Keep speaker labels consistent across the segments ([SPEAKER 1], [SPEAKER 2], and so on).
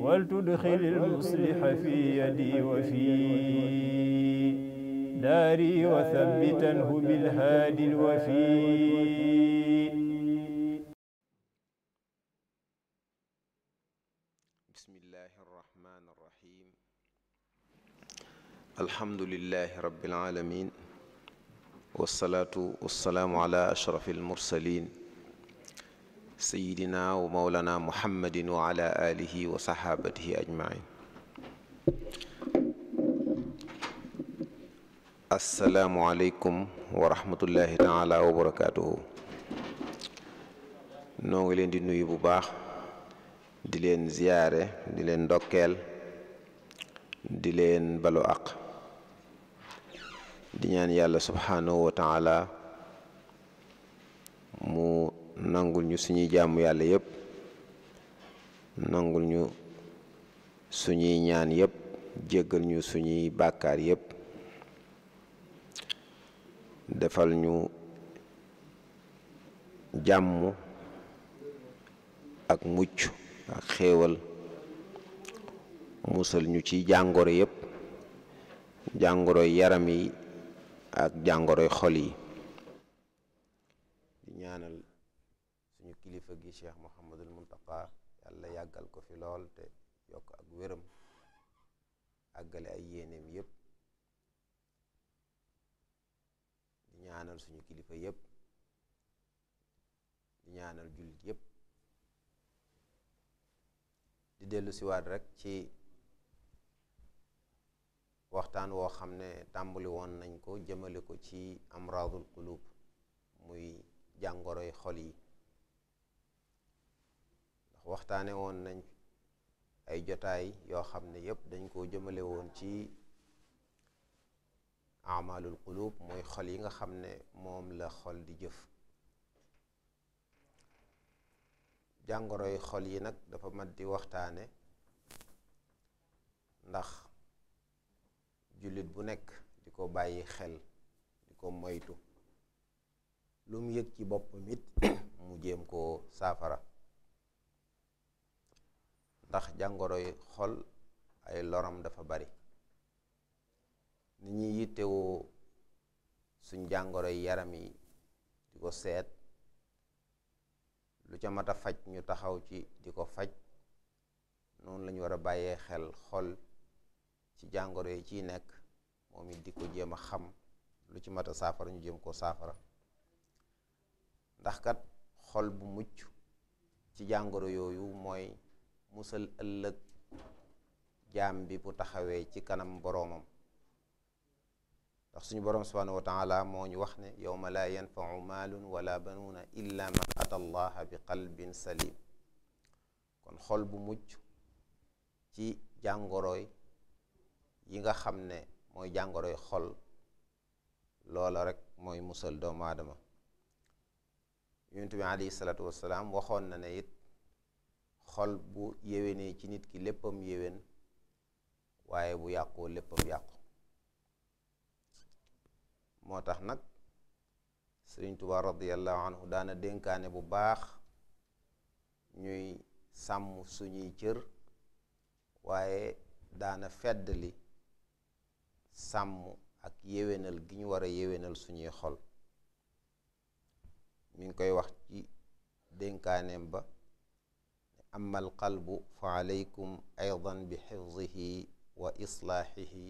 [SPEAKER 1] ولتدخل المصلح في يدي وفي داري وثبتنه بالهادي الوفي بسم الله الرحمن الرحيم الحمد لله رب العالمين والصلاة والسلام على أشرف المرسلين sayidina wa mawlana muhammadin wa alihi wa sahabatihi ajmain asalaamualeykum wa rahmatullahi taala wa barakatuhu noo ngi leen di nuyu bu baax di leen ziyaare di leen ndokkeel di leen balu aq di ñaan yàlla subhaanahu wa taala mu nangul ñu suñuy jàmm yàlla yépp nangul ñu suñuy ñaan yépp jéggal ñu suñuy bàkkaar yépp defal ñu jàmm ak mucc ak xéewal musal ñu ci jàngoro yépp jàngoroy yaram yi ak jàngoroy xol yi di ñaanal kilifa gi cheikh Mouhamadul Muntaqa yàlla yàggal ko fi lool te yokk ak wéram àggale ay yéeneem yépp di ñaanal suñu kilifa yépp di ñaanal jullit yépp di dellu siwaat rek ci waxtaan woo xam ne tàmbali woon nañ ko jëmale ko ci amradul qulub muy jàngoroy xol yi waxtaane woon nañ ay jotaay yoo xam ne yépp dañ koo jëmale woon ci amalul qulub mooy xol yi nga xam ne moom la xol di jëf jàngoroy xol yi nag dafa mat di waxtaane ndax jullit bu nekk di ko bàyyi xel di ko moytu lu mu yëg ci boppam it mu jéem koo saafara ndax jàngoroy xol ay loram dafa bari ni ñuy yittewoo suñ jàngoroy yaram yi di ko seet lu ca mat a faj ñu taxaw ci di ko faj noonu lañu war a bàyyee xel xol ci jàngoro yi ciy nekk moom it di ko jéem a xam lu ci mat a saafara ñu jéem koo saafara ndax kat xol bu mucc ci jàngoro yooyu mooy musal ëllëg jaam bi bu taxawee ci kanam boroomam ndax suñu borom subhaanahu wa taala moo ñu wax ne yowma laa yanfau maalun wala banuuna illa man ata allaha bi qalbin salim kon xol bu mucc ci jàngoroy yi nga xam ne mooy jàngoroy xol loola rek mooy musal doomu aadama yonent bi alayhi salaatu wasalaam waxoon na ne it xol bu yéwénee ci nit ki léppam yéwén waaye bu yàqoo léppam yàqu moo tax nag sëriñ Tuubaa radiyallahu anhu daana dénkaane bu baax ñuy sàmm suñuy cër waaye daana feddali sàmm ak yéwénal gi ñu war a yéwénal suñuy xol mu ngi koy wax ci dénkaaneem ba ama alqalbu fa alaykum aydan bi xifdihi wa islaaxihi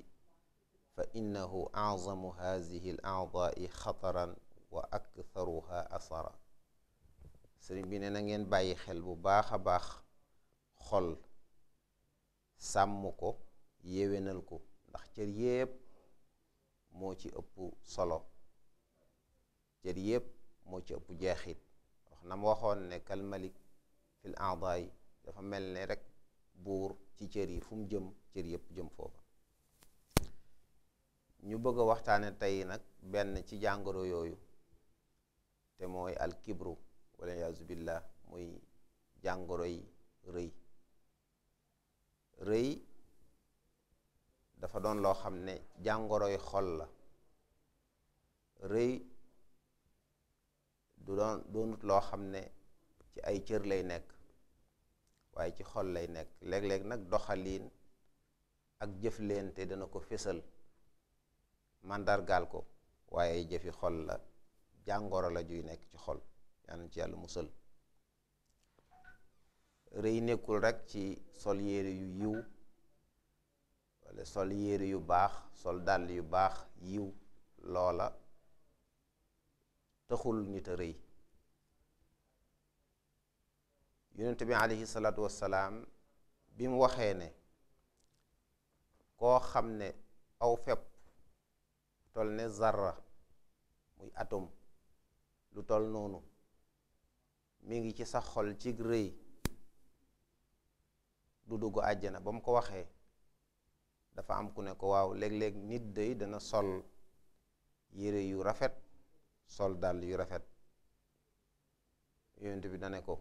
[SPEAKER 1] fa innahu azamu haadihi al aadaai xataran wa aktharuha asara sëriñ bi ne na ngeen bàyyi xel bu baax a baax xol sàmm ko yéwénal ko ndax cër yépp moo ci ëpp solo cër yépp moo ci ëpp jeexit wax na mu waxoon ne kalmalik fil aadaay dafa mel ne rekk buur ci cër yi fu mu jëm cër yëpp jëm foofa ñu bëgg a waxtaane tey nag benn ci jàngoro yooyu te mooy alkibru walla yaasu billah muy jàngoro yi rëy rëy dafa doon loo xam ne jàngoroy xol la rëy du doonut loo xam ne ci ay cër lay nekk waaye ci xol lay nekk léeg-léeg nag doxaliin ak jëflente dana ko fësal màndargaal ko waaye jëfi xol la jàngoro la juy nekk ci xol yaan ci yàlla musal rëy nekkul rekk ci sol yére yu yiw walla sol yére yu baax sol dàll yu baax yiw loola taxul nit a rëy yonent bi aleyhi salaatu wassalaam bi mu waxee ne koo xam ne aw fepp tol ne zarra muy atum lu toll noonu mi ngi ci sa xol cig rëy du dugg àjjana ba mu ko waxee dafa am ku ne ko waaw léeg-léeg nit day dana sol yére yu rafet sol dàll yu rafet yonent bi dane ko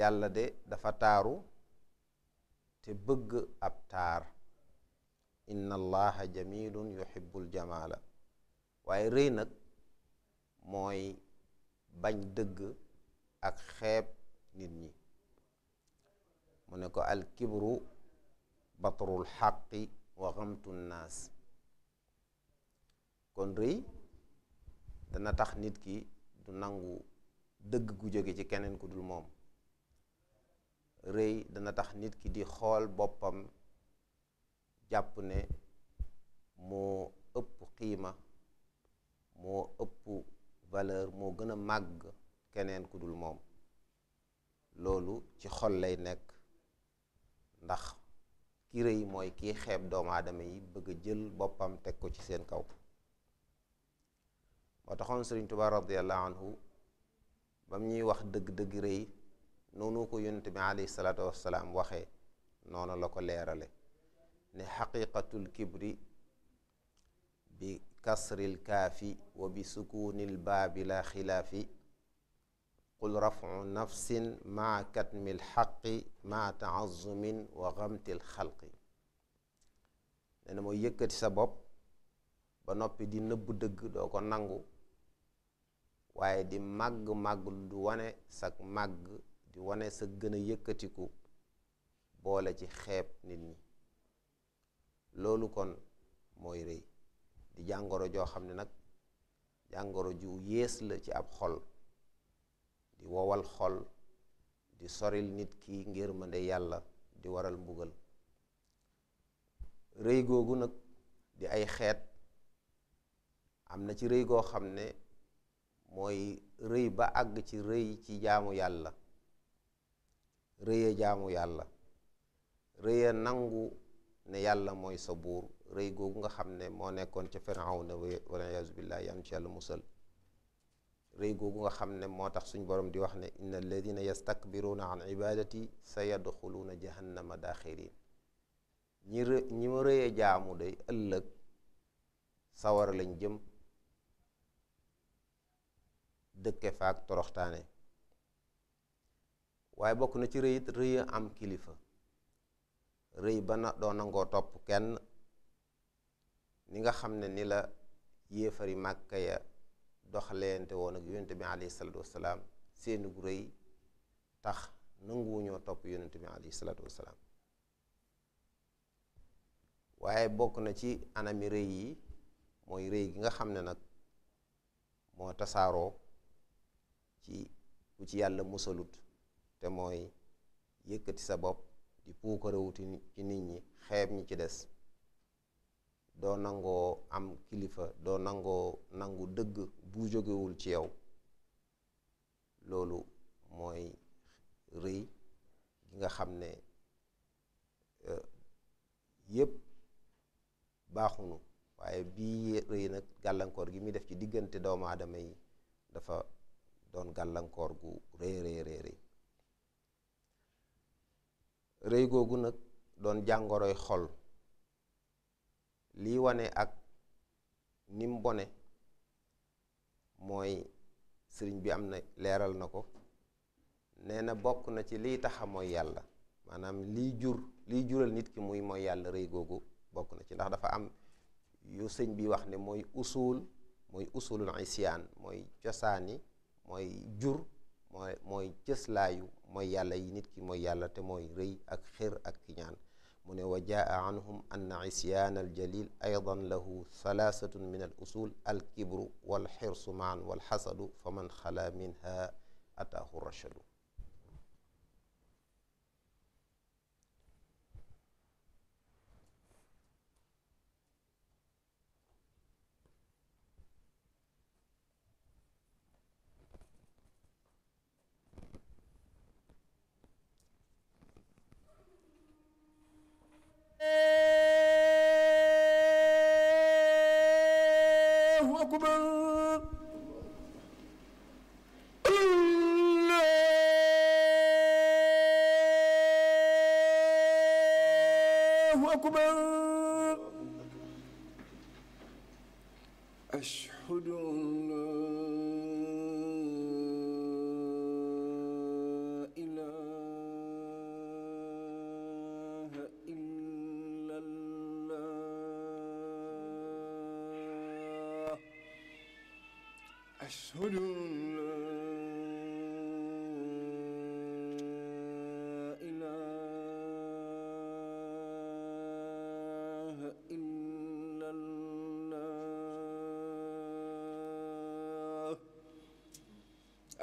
[SPEAKER 1] yàlla de dafa taaru te bëgg ab taar inna allaha jamilun yuhibbul jamaala waaye rëy nag mooy bañ dëgg ak xeeb nit ñi mu ne ko alkibru batrul xaqi wa xamtu nnaas kon rëy dana tax nit ki du nangu dëgg gu jóge ci keneen ku dul moom rëy dana tax nit ki di xool boppam jàpp ne moo ëpp xiima moo ëpp valeur moo gën a màgg keneen ku dul moom loolu ci xol lay nekk ndax ki rëy mooy kii xeeb doomu aadama yi bëgg a jël boppam teg ko ci seen kaw moo taxoon Sëriñ Tuubaa radiyallahu anhu bam ñuy wax dëgg-dëgg rëy noonu ko yonent bi alayhi salaatu wassalaam waxee noonu la ko leerale ne xaqiqatul kibri bi kasril kaafi wa bi sukunil baabi la xilaafi qul rafu nafsin maa katmil xaqi maa taazumin wa xamtil xalqi nee na mooy yëkkati sa bopp ba noppi di nëbb dëgg doo ko nangu waye di màgg màgg du wane sak màgg di wane sa gën a yëkkatiku boole ci xeeb nit ñi loolu kon mooy rëy di jàngoro joo xam ne nag jàngoro ju yées la ci ab xol di wowal xol di soril nit ki ngir mën mënde yàlla di waral mbugal rëy googu nag di ay xeet am na ci rëy goo xam ne mooy rëy ba àgg ci rëy ci jaamu yàlla rëya jaamu yàlla rëya nangu ne yàlla mooy sa buur rëy googu nga xam ne moo nekkoon ca firawna wala yaasu billaah yaan ci yàlla musal rëy googu nga xam ne moo tax suñ borom di wax ne inna alladina yastakbiruuna an ibadati sa yadxuluuna jahannama daaxirin ñi rë ñi ma rëye jaamu day ëllëg sawar lañ jëm dëkke faak toroxtaane waaye bokk na ci rëyit rëy am kilifa rëy ba na doo nangoo topp kenn ni nga xam ne ni la yéefari màkka ya doxaleente woon ak yonente bi alayhi salatu wasalaam seeni gu rëy tax nanguwuñoo topp yonente bi alayhi salatu wasalaam waaye bokk na ci anami rëy yi mooy rëy gi nga xam ne nag moo tasaaroo ci ku ci yàlla musalut te mooy yëkkati sa bopp di puukarewuti ci nit ñi xeeb ñi ci des doo nangoo am kilifa doo nangoo nangu dëgg bu jógewul ci yow loolu mooy rëy gi nga xam ne euh, yépp baaxunu waaye bii rëy nag gàllankoor gi muy def ci diggante doomu aadama yi dafa doon gàllankoor gu rëy rëy rëy rëy googu nag doon jàngoroy xol lii wane ak nim bone mooy sëriñ bi am na leeral na ko nee na bokk na ci liy taxa mooy yàlla maanaam liy jur lii jural nit ki muy mooy yàlla rëy googu bokk na ci ndax dafa am yu sëñ bi wax ni mooy usul mooy usulul isyaan mooy cosaani mooy jur mooy mooy cëslaayu mooy yàlla yi nit ki mooy yàlla te mooy rëy ak xër ak kiñaan mu ne wa jaa anhum ann isyaan aljalil aydan lahu thalaathatun min al usul alkibru walxirsu maan walxasadu fa man xala minha ataahu rachadu
[SPEAKER 2] أكبر أشهد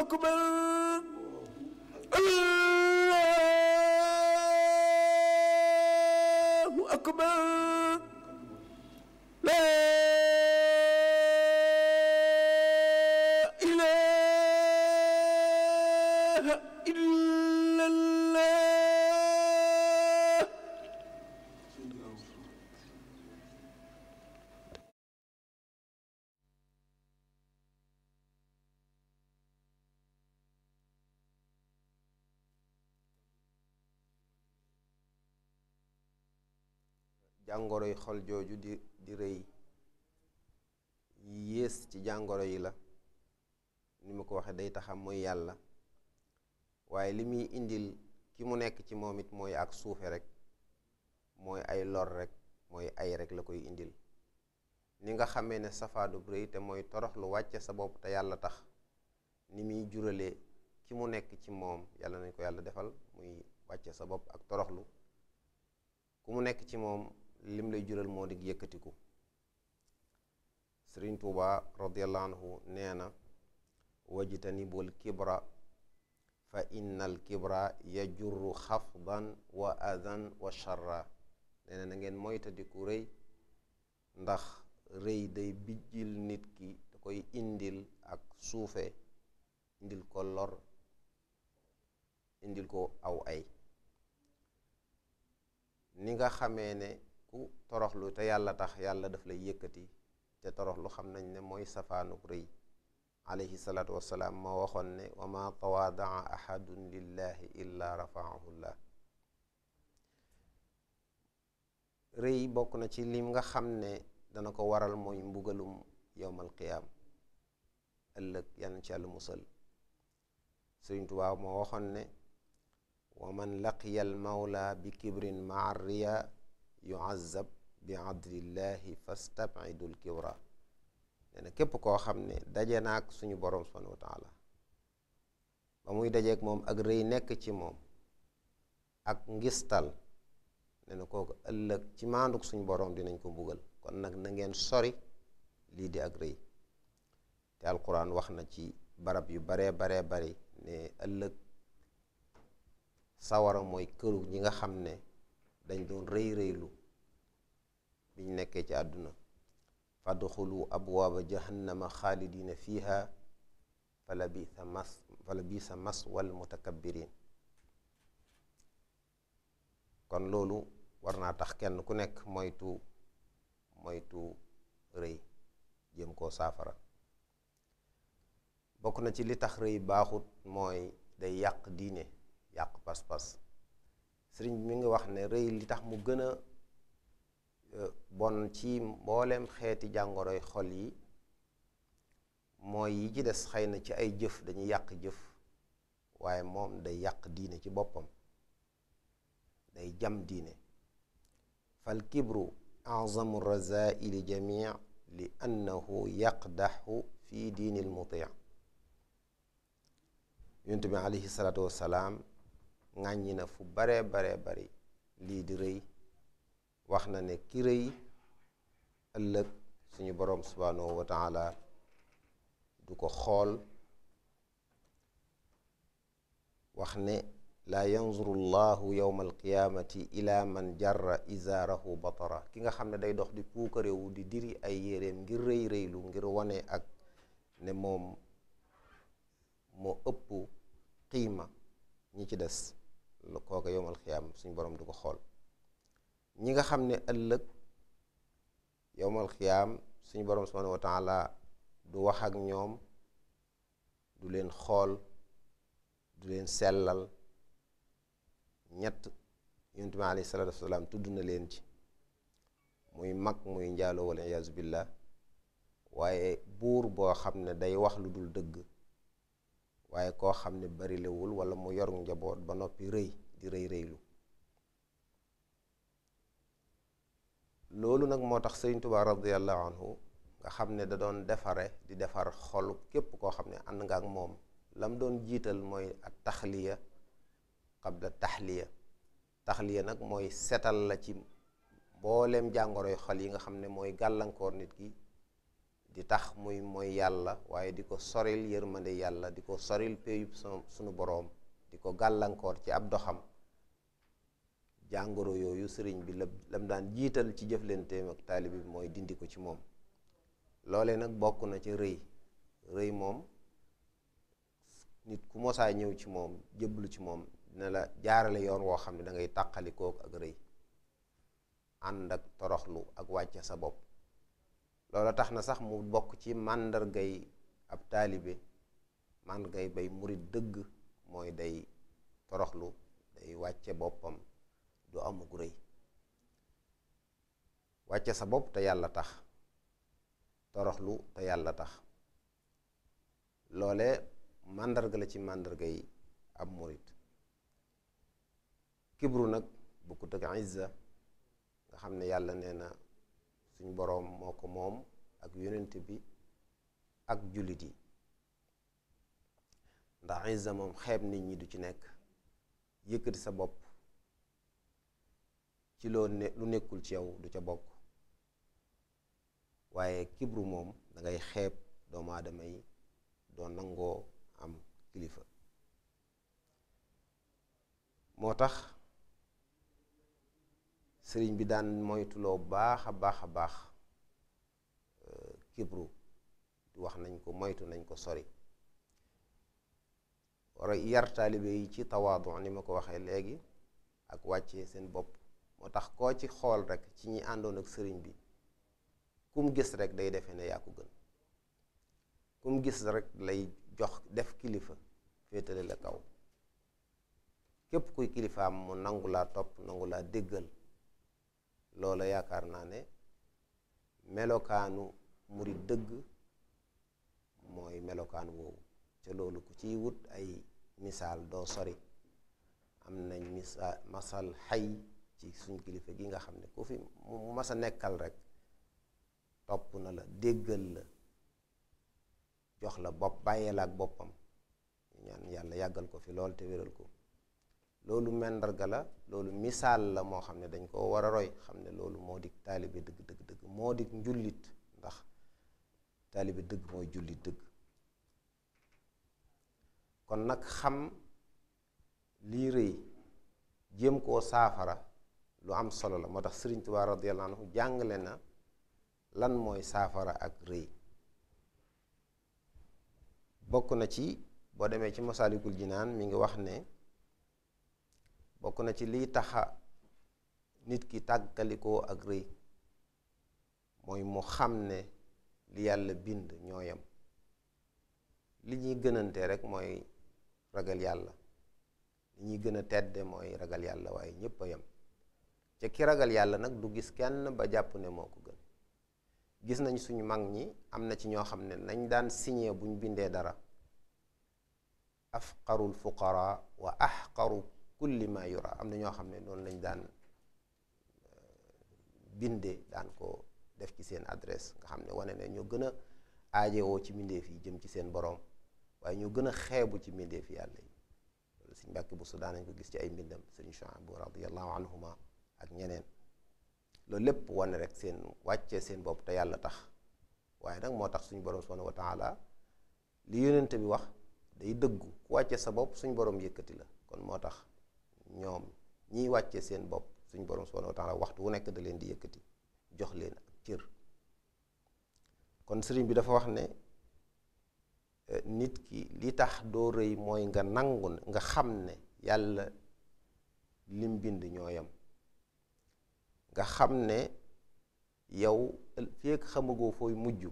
[SPEAKER 2] أكبر الله أكبر
[SPEAKER 1] jàngoroy xol jooju di di rëy yi yées ci jàngoro yi la ni ma ko waxee day taxam mooy yàlla waaye li muy indil ki mu nekk ci moom it mooy ak suufe rek mooy ay lor rek mooy ay la koy indil ni nga xamee ne safaadub mooy torox lu wàcce sa bopp te yàlla tax ni muy juralee ki mu nekk ci moom yàlla nañ ko yàlla defal muy wàcce sa bopp ak toroxlu ku mu nekk ci moom lim lay jural moo di yëkkatiku sëriñ tuuba radiallahu anhu nee na wajtanibul kibra fa innal kibra yajurru xafdan wa adan wa sharra nee na ngeen moytadiku rëy ndax rëy day bijjil nit ki da koy indil ak suufe indil ko lor indil ko aw ay ni nga xamee ne ku lu te yàlla tax yàlla def lay yëkkati te torox toroxlu xam nañ ne mooy safaanuk rëy alayhi salaatu wassalaam moo waxoon ne ma tawaadaa bokk na ci lim nga xam ne dana ko waral mooy mbugalum yowmal qiyaam ëllëg yan ci wa man laqiya al bi kibrin maa riya yuazab bi adlillahi fastabidul kibra nee na képp koo xam ne daje naag suñu boroom subhanahu wa ba muy dajeeg moom ak rëy nekk ci moom ak ngistal nee na kooku ëllëg ci maanduk suñu boroom dinañ ko mbugal kon nag na ngeen sori lii di ak rëy te alquran wax na ci barab yu baree baree bari ne ëllëg sawara mooy këru ñi nga xam ne dañ doon rëy rëylu biñ nekkee ci àdduna fadxulu abwaaba jahannama xaalidina fiha fala bisa mas fala bisa mas wal mutakabirin kon loolu war naa tax kenn ku nekk moytu moytu rëy jéem koo saafara bokk na ci li tax rëy baaxut mooy day yàq diine yàq pas-pas sëriñ bi mi ngi wax ne rëy li tax mu gën a euh, bon ci mbooleem xeeti jàngoroy xol yi mooy yi ci des xëy na ci ay jëf dañuy yàq jëf waaye moom day yàq diine ci boppam day jam diine fal kibru azamu razaili jamii li annahu yaqdaxu fi diini l muti yonent bi wassalaam ŋàññi na fu baree bare bari lii di rëy wax na ne ki rëy ëllëg suñu boroom subhaanahu wa taala du ko xool wax ne laa yanzuru llahu yowma alqiyaamati ila man jarra izaarahu batara ki nga xam ne day dox di puukarewu di diri ay yéreem ngir rëy rëylu ngir wane ak ne moom moo ëpp qiima ñi ci des kooka yowmal xiyaam suñu borom du ko xool ñi nga xam ne ëllëg yowmal xiyaam suñu borom subhanahu wa du wax ak ñoom du leen xool du leen sellal ñett yonent bi alayhi salaatu tudd na leen ci muy mag muy njaaloo wala iyaazu billah waaye buur boo xam ne day wax lu dul dëgg waaye koo xam ne barilewul wala mu yor njaboot ba noppi rëy di rëy rëylu loolu nag moo tax sëriñ Tuubaa radiyallahu anhu nga xam ne da doon defare di defar xol képp koo xam ne ànd nga ak moom lam doon jiital mooy at taxliya qabla taxliya taxliya nag mooy setal la ci mbooleem jàngoroy xol yi nga xam ne mooy gàllankoor nit ki di tax muy mooy yàlla waaye di ko soril yërmande yàlla di ko soril péyub sunu boroom di ko gàllankoor ci ab doxam jàngoro yooyu sëriñ bi la lam daan jiital ci jëflanteem ak taalibe bi mooy dindi ko ci moom loole nag bokk na ci rëy rëy moom nit ku mosaa ñëw ci moom jëblu ci moom dina la jaarale yoon woo xam ne da ngay tàqali kook ak rëy ànd ak toroxlu ak wàcce sa bopp loolu tax na sax mu bokk ci màndarga yi ab taalibe màndargay bay murit dëgg mooy day toroxlu day wàcce boppam du amu gu rëy wàcce sa bopp te yàlla tax toroxlu te yàlla tax loole màndarga la ci màndarga yi ab murit kibru nag bu ko izza nga xam ne yàlla nee na suñ boroom moo ko moom ak yonent bi ak jullit yi ndax izza moom xeeb nit ñi du ci nekk yëkkati sa bopp ci loo nekkul ci yow du ca bokk waaye kibru moom dangay xeeb doomu aadama yi doo nangoo am kilifa moo tax sëriñ bi daan moytuloo baax a baax a baax euh, kibru wax nañ ko moytu nañ ko sori war a yar taalibe yi ci tawaadu ni ma ko waxee léegi ak wàccee seen bopp moo tax koo ci xool rek ci ñi àndoon ak sëriñ bi kum gis rek day defe ne yaa ko gën kum gis rekk lay jox def kilifa féetale la kaw képp kuy kilifaam mu nangu laa topp nangu laa déggal loola yaakaar naa ne melokaanu murit dëgg mooy melokaan woowu ca loolu ku ciy wut ay misaal doo sori am nañ misaal masal xay ci suñ kilifa gi nga xam ne ku fi mu mas a nekkal rek topp na la déggal la jox la bopp bàyyee la ak boppam ñaan yàlla yàggal ko fi lool te wéral ko loolu mendarga la loolu misaal la moo xam ne dañ koo war a roy xam ne loolu moo di taalibe dëgg dëgg dëgg moo di njulit ndax taalibe dëgg mooy julit dëgg kon nag xam lii rëy jéem koo saafara lu am solo la moo tax Sëriñ Tuubaa radiyallahu anhu jàngale na lan mooy saafara ak rëy bokk na ci boo demee ci Masaalikul naan mi ngi wax ne bokk na ci liy taxa nit ki tàggalikoo ak rëy mooy mu xam ne li yàlla bind ñooyam li ñuy gënante rek mooy ragal yàlla li ñuy gën a tedde mooy ragal yàlla waaye ñépp a ca ki ragal yàlla nag du gis kenn ba jàpp ne moo ko gën gis nañ suñu mag ñi am na ci ñoo xam ne nañ daan signé buñ bindee dara afqarul fuqara wa ahqaru kulli ma yura am na ñoo xam ne noonu lañu daan euh, binde daan ko def ci seen adresse nga xam ne wane ne ñoo gën a aajewoo ci mbindeef yi jëm ci seen borom waaye ñoo gën a xeebu ci mbindeef yàlla yi loolu sëñ Mbàkke Busso daan nañ ko gis ci ay mbindam sëñ Shuaybu radiyallahu anhuma ak ñeneen loolu lépp wane rek seen wàccee seen bopp te yàlla tax waaye nag moo tax suñu borom subhanahu wa taala li yónnent bi wax day dëggu ku wàccee sa bopp suñu borom yëkkati la kon moo tax ñoom ñiy wàcce seen bopp suñu borom subhanahu wa taala waxtu wu nekk da leen di yëkkati jox leen ak cër kon sëriñ bi dafa wax ne eh, nit ki li tax doo rëy mooy nga nangu nga xam ne yàlla lim bind ñooyam nga xam ne yow feek xamagoo fooy mujj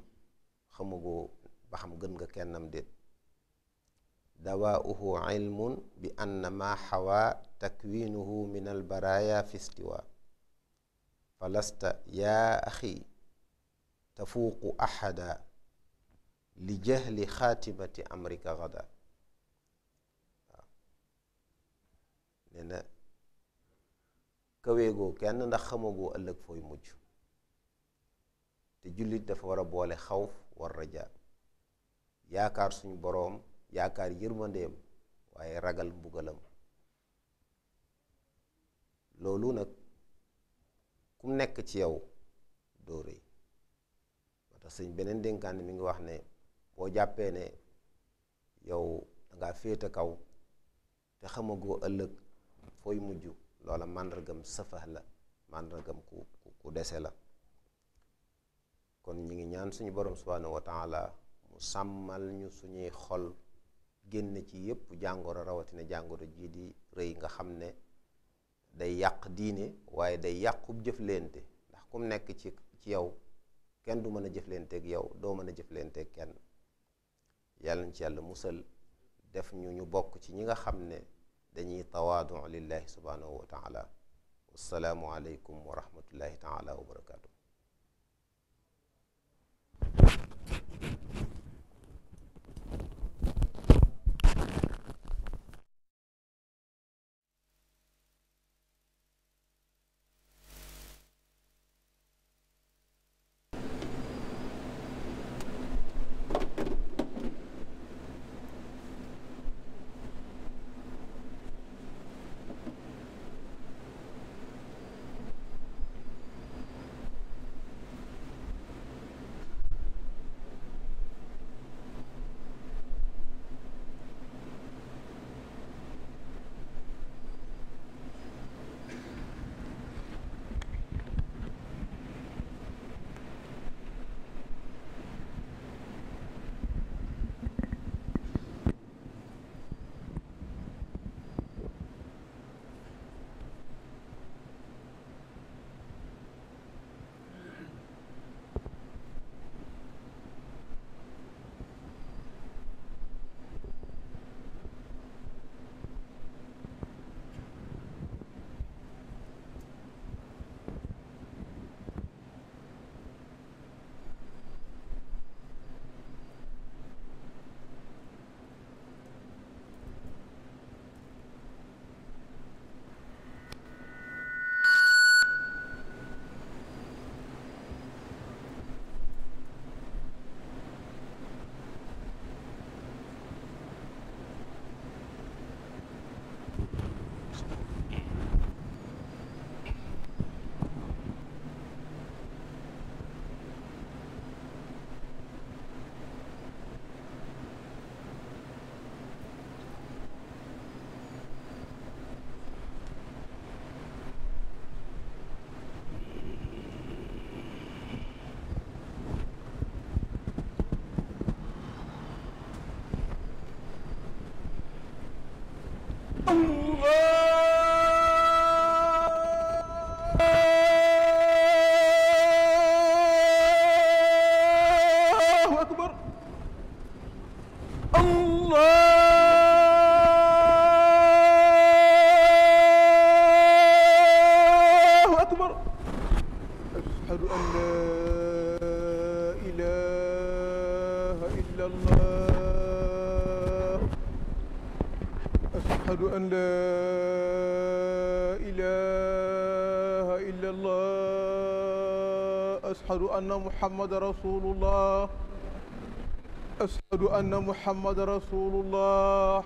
[SPEAKER 1] xamagoo ba xam gën nga kennam déet dawaauhu ilmun bi anna ma xawaa takwiinuhu min albaraaya fi istiwa falasta yaa axi tafuuqu ahada li jahli xaatimati amrika gada waaw nee na kaweegoo kenn ndax xamagoo ëllëg fooy mujj te jullit dafa war boole xawf war rajaa yaakaar suñu boroom yaakaar yërmandeem waaye ragal mbugalam loolu nag ku nekk ci yow doo rëy moo tax sëñ beneen dénkaan mi ngi wax ne boo jàppee ne yow dangaa féete kaw te xamagoo ëllëg fooy mujj loola màndargam safax la màndargam ku ku dese la kon ñu ngi ñaan suñu borom subhanahu wa taala mu sàmmal ñu suñuy xol génn ci yépp jàngoro rawatina jàngoro jii di rëy nga xam ne day yàq diine waaye day yàqub jëflente ndax kum nekk ci ci yow kenn du mën a jëflenteeg yow doo mën a jëflenteeg kenn yàlla na ci yàlla musal def ñu ñu bokk ci ñi nga xam ne dañuy tawaadu lillahi subhanahu wa taala wassalaamu aleykum wa rahmatullahi taala wa barakaatu.
[SPEAKER 2] واشهد ان لا اله الا الله اشهد ان محمد رسول الله اشهد ان محمد رسول الله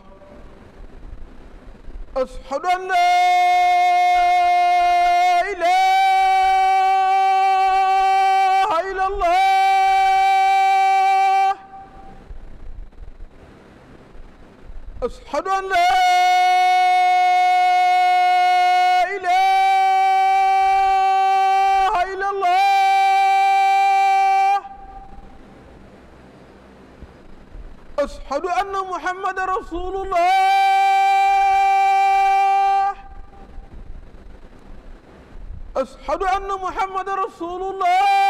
[SPEAKER 2] اشهد ان لا اله الا الله أشهد أن لا ashhadu anna muhammadan rasulullah ashhadu anna muhammadan rasulullah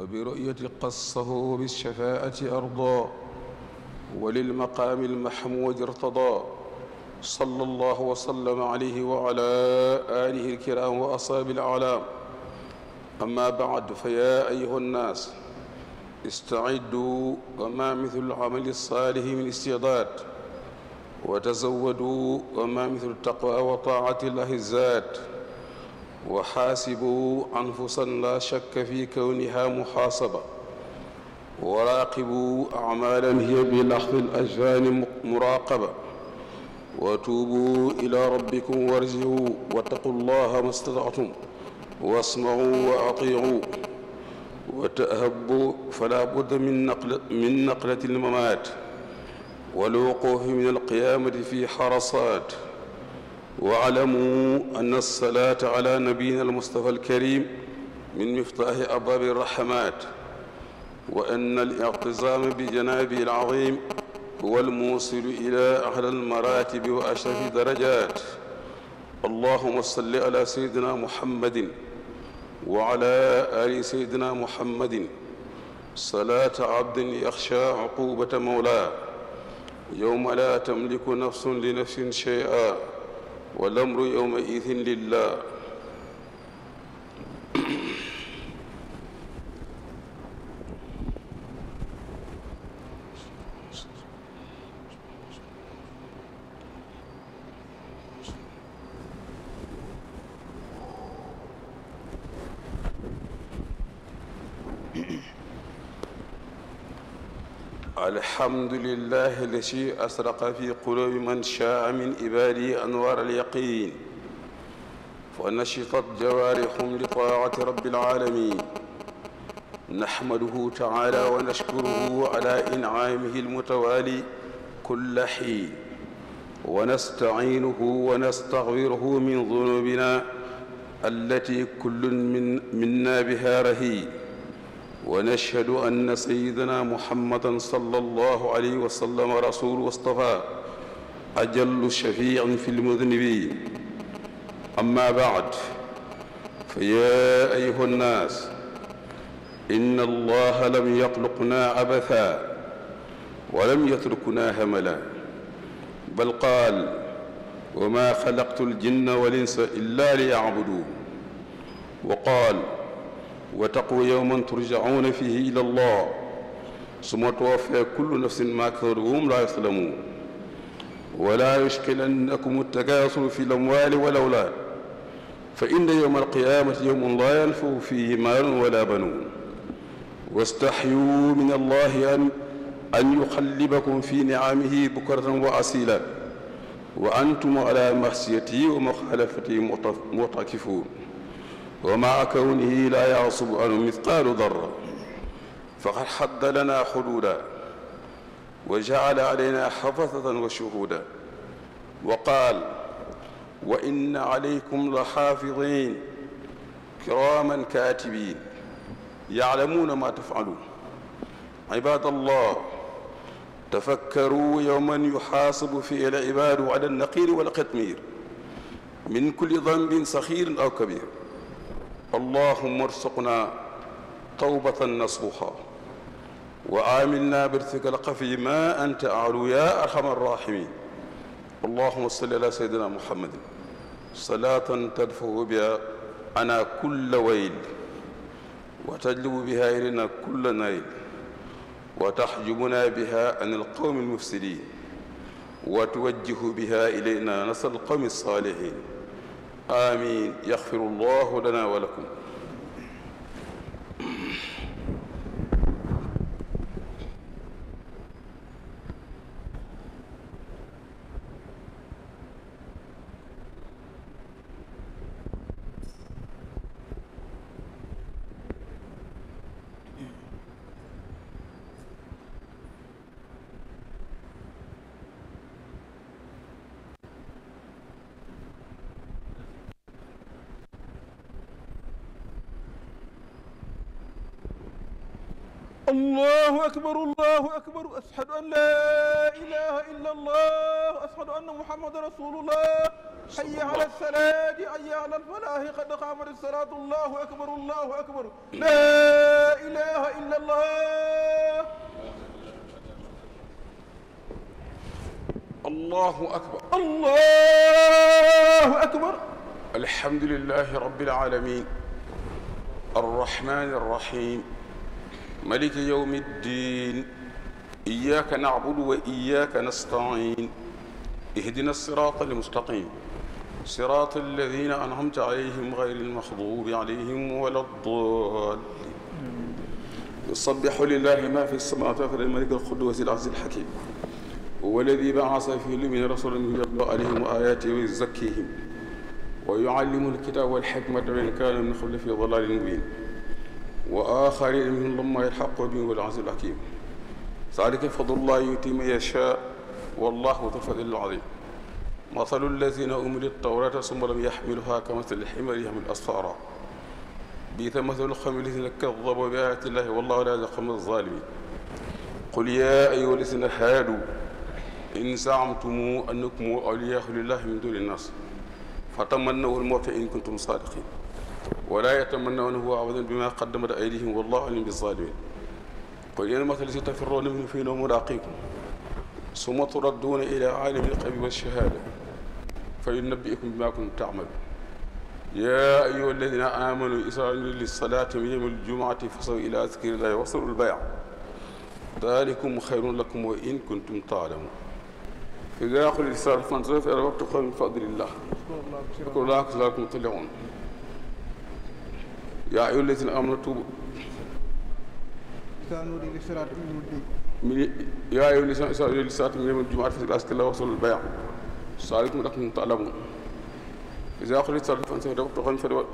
[SPEAKER 3] وبرؤية قصه وبالشفاءة أرضى وللمقام المحمود ارتضى صلى الله وسلم عليه وعلى آله الكرام وأصحاب الأعلام أما بعد فيا أيها الناس استعدوا وما مثل العمل الصالح من استعداد وتزودوا وما مثل التقوى وطاعة الله الزاد wa xaasibu anfusan la shakka fi kawniha muxaasaba wa raaqibu acmaalan hiya bi laxdi lajfaani muraaqaba wa tuubu ila rabbikum warjicu wattaqu llaha mastatactum wasmacuu wa atiicuu wa tahabu fala budda min naqlati lmamaat walwuquufi min alqiyaamati fi xarasaat واعلموا أن الصلاة على نبينا المصطفى الكريم من مفتاح أبواب الرحمات وأن الاعتصام بجنابه العظيم هو الموصل إلى أعلى المراتب وأشرف الدرجات اللهم صل على سيدنا محمد وعلى آل سيدنا محمد صلاة عبد يخشى عقوبة مولاه يوم لا تملك نفس لنفس شيئا wal amru yawma idin lillah alhamdulillahi lazi asraqa fi qulubi man shaa min ibadihi anwaar alyaqin fa nashitat jawarihum li taati rabbil alamin nahmaduhu taala wa nashkuruhu ala in'amihi almutawali kulla hiin wa nasta'inuhu wa nastaghfiruhu min dhunubina allati kullun minna biha rahin ونشهد أن سيدنا محمدا صلى الله عليه وسلم رسول اصطفى أجل شفيع في المذنبين أما بعد فيا أيها الناس إن الله لم يخلقنا عبثا ولم يتركنا هملا بل قال وما خلقت الجن والإنس إلا ليعبدون وقال wa taqu yawman turjacuuna fihi ila allah suma tuwaffee kullu nafsin maa kasabahum laa yuslamuun wala yushkilannakum attakaasuru fi lamwaali wal awlaad fa inna yawma alqiyaamati yawman laa yanfau fiihi maalun wala banuun wastaxyuu min allahi an an yuxallibakum fi nicamihi bukratan wa asiila wa antum alaa maxsiyatihi wa muxaalafatihi muctakifuun wa maa kawnihi laa yaasubu anhu mithqaalu darra faqad xadda lanaa xuduuda wa jacala alaynaa xafasatan wa shuhuuda wa qaal wa inna alaykum la xaafidiin kiraaman kaatibiin yaclamuuna maa tafcaluun cibaad allah tafakkaruu yowman yuxaasabu fiihi al cibaadu ala annaqiri wal qitmiir min kulli danbin saxiirin aw kabiir allahuma arsuqna tawbatan nasuuxa wa aamilna birtika alxafi ma anta aalu ya arxama arrahimin allahuma salli ala sayidina muhammadin salaatan tadfahu biha ana kulla wayl wa tajlibu biha ilayna kulla nayl wa taxjubuna biha an alqawmi almufsidin wa tuwajjihu biha ilayna nasal qawmi alsalihin amiin yaxfirullahu lana wa lakum
[SPEAKER 2] akbar allahu akbar ashhadu an laa ilaha illa allah ashhadu anna muhammadan rasulullah hayya ala salaati hayya ala alfalaahi qad qaamat salaatu allahu akbar allahu akbar laa ilaha illa allah
[SPEAKER 3] allahu akbar
[SPEAKER 2] allahu akbar
[SPEAKER 3] alhamdulillahi rabbil aalamiin arrahmaani arrahiim maliki yawmi ddin iyyaka na'budu wa iyyaka nasta'in ihdina as-sirata al-mustaqim sirata alladhina an'amta alayhim ghayri al-maghdubi alayhim wa la ad-dallin yusabbihu lillahi ma fi as-samawati wa fil ardi al-quddus al-'aziz al-hakim والذي بعث في الأميين رسولا يتلو عليهم آياته ويزكيهم ويعلم الكتاب والحكمة وإن كانوا من قبل في ضلال مبين wa axarin minhum lamma yalxaqu bihi wal azizul hakim zalika fadlullah yuti man yasha wallahu dul fadlil azim masalu allazina umilu tawrata summa lam yaxmiluha kamasali ximari yaxmilu asfara biisa masalul xawmi allazina kadabu bi ayati llahi wallahu la yahdi alqawma zalimin qul ya ayuha allazina haadu in zaamtum annakum awliyaa lillahi min duni nnas fatamannaw al mawta in kuntum sadiqin wala yatamannawnahu abadan bima qaddamat aydihim wallahu alim bizalimin qul inna al-mathalu allazi tafirruna minhu fa innahu mulaqikum summa turadduuna ila alimi al-ghaybi wash-shahada fa yunabbi'ukum bima kuntum ta'malun ya ayyuha alladina amanu isalu lissalati min yawmi al-jumuati fasaw ila dhikrillahi wasru al-bay' dalikum khayrun lakum wa in kuntum ta'lamun فإذا أخذ الإسرار فانصرف إلى وقت خير من فضل الله اذكروا الله لعلكم تطلعون yaa ayyuhal lazina aamanu tuubu yaa ayyuhal lazina siraati min yawmil jumu'ati fadhkuru Allaha wazkurul bay'a zalikum la'allakum ta'lamuun izaa qudiya salaatu fantashiru wabtaghuu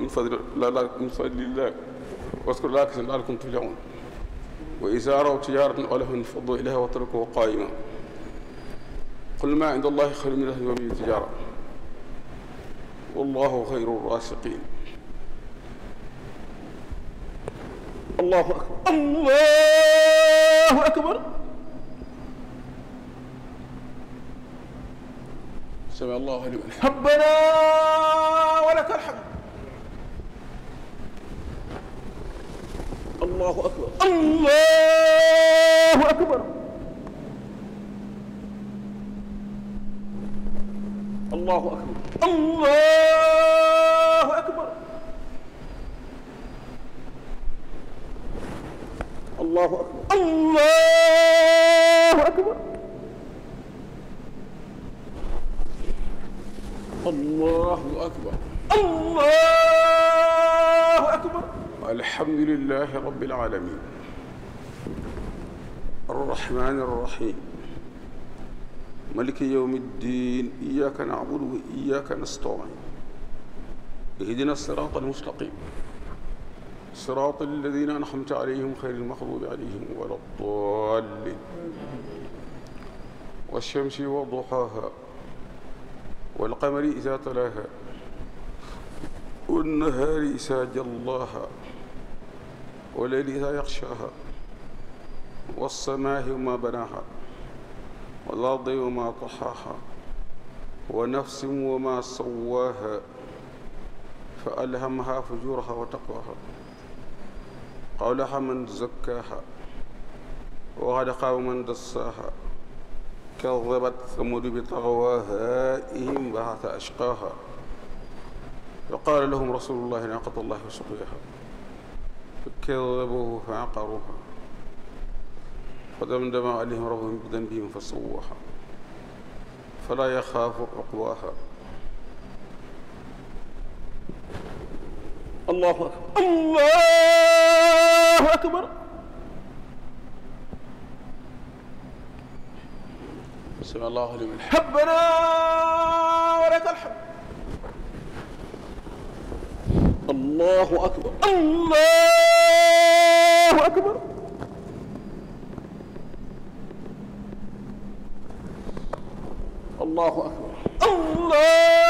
[SPEAKER 3] min fadlillahi wazkuru Allaha kathiiran la'allakum tuflihuun wa izaa ra'aw tijaaratan aw lahwan infadduu ilayhaa wa tarakuuka qaa'iman qul maa inda Allahi khayrun mina al-lahwi wa mina at-tijaara wallaahu khayru r-raasiqiin
[SPEAKER 2] allahu akbar allahu akbar
[SPEAKER 3] sami allahu liman rabbana
[SPEAKER 2] wa laka alhamd allahu akbar allahu akbar allahu akbar allahu akbar allahu akbar allahu
[SPEAKER 3] akbar allahu akbar
[SPEAKER 2] allahu
[SPEAKER 3] akbar alhamdulilahi rabbil alamin arrahmani arrahim maliki yowmi ddin iyaka nabudu wa iyaka nastain ihdina sirata almustaqim صراط الذين أنعمت عليهم خير المغضوب عليهم ولا الضالين والشمس وضحاها والقمر إذا تلاها والنهار إذا جلاها والليل إذا يغشاها والسماء وما بناها والأرض وما طحاها ونفس وما سواها فألهمها فجورها وتقواها qawlaha man zakkaaha wa qad xaaba man dassaaha kadabat samuudu bi taxawaaha idh ba'atha ashqaaha fa qaala lahum rasuulullaahi naaqata llaahi wa suqyaahaa fakadabuuhu fa aqaruuhaa fa damdama alayhim rabbuhum bi danbihim fa sawwaahaa falaa yaxaafu uqbaahaa
[SPEAKER 2] allahu akbar allahu akbar
[SPEAKER 3] sami allahu liman
[SPEAKER 2] rabbana wa lakal hamd allahu akbar allahu akbar allahu akbar allah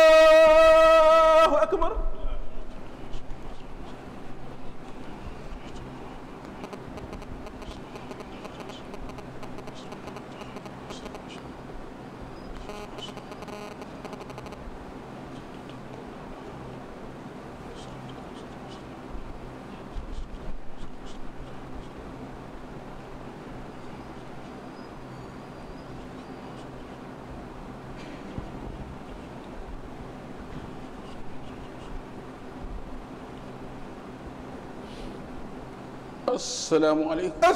[SPEAKER 3] assalaamu aleykum.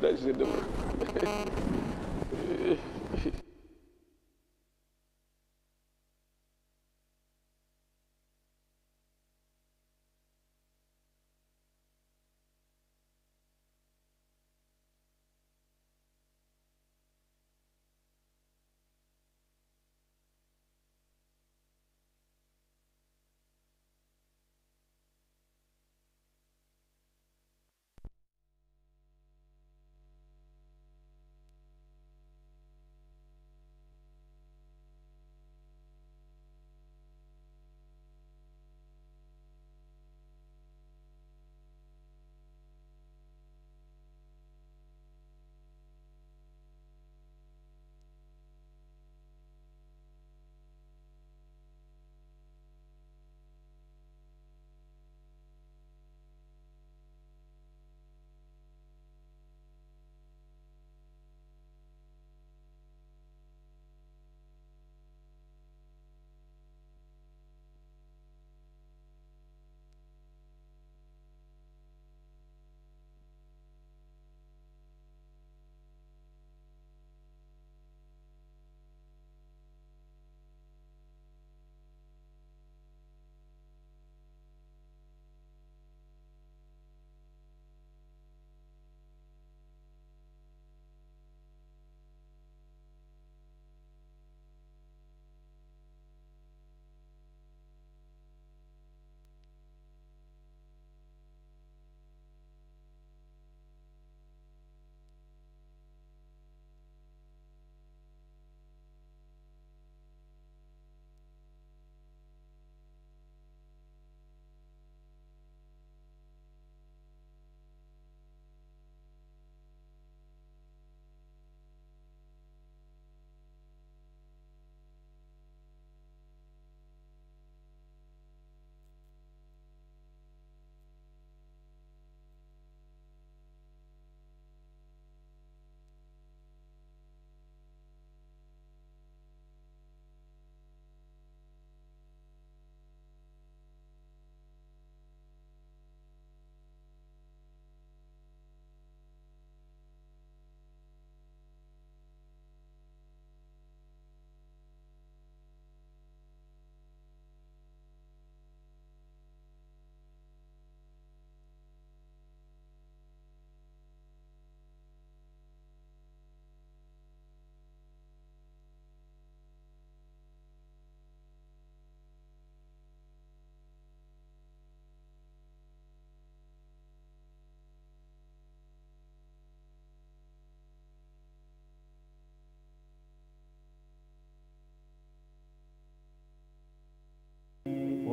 [SPEAKER 3] financier demain.